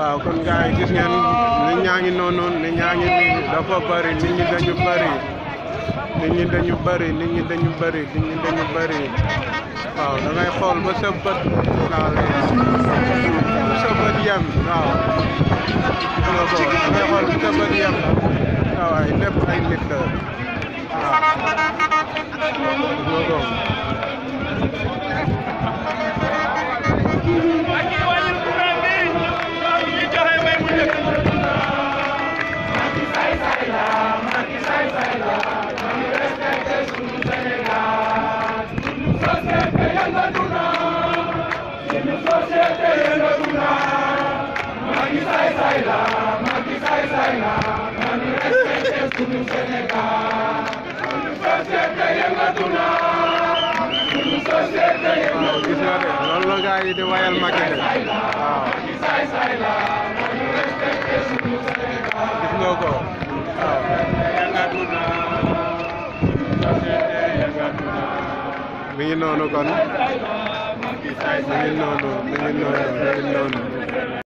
waaw kon gars yi gis ngeen nit ñaa ngi noonu nit ñaa ngi nii dafa bëri nit ñi dañu bëri nit ñi dañu bëri nit ñi dañu bëri nit ñi waaw da ngay xool ba sa bët waaw ba sa bët waaw nga xool ba sa bët waaw ay lépp ay nit la waaw la Macky saay saay la nañu respecté suñu Sénégal suñu société yëngatu na suñu société yëngatu na loolu la gars yi di wayal Macky de waaw Macky saay saay la nañu respecté suñu Sénégal gis nga ko waaw yëngatu na suñu société yëngatu na mi ngi noonu kon mi ngi noonu mi ngi noonu mi ngi noonu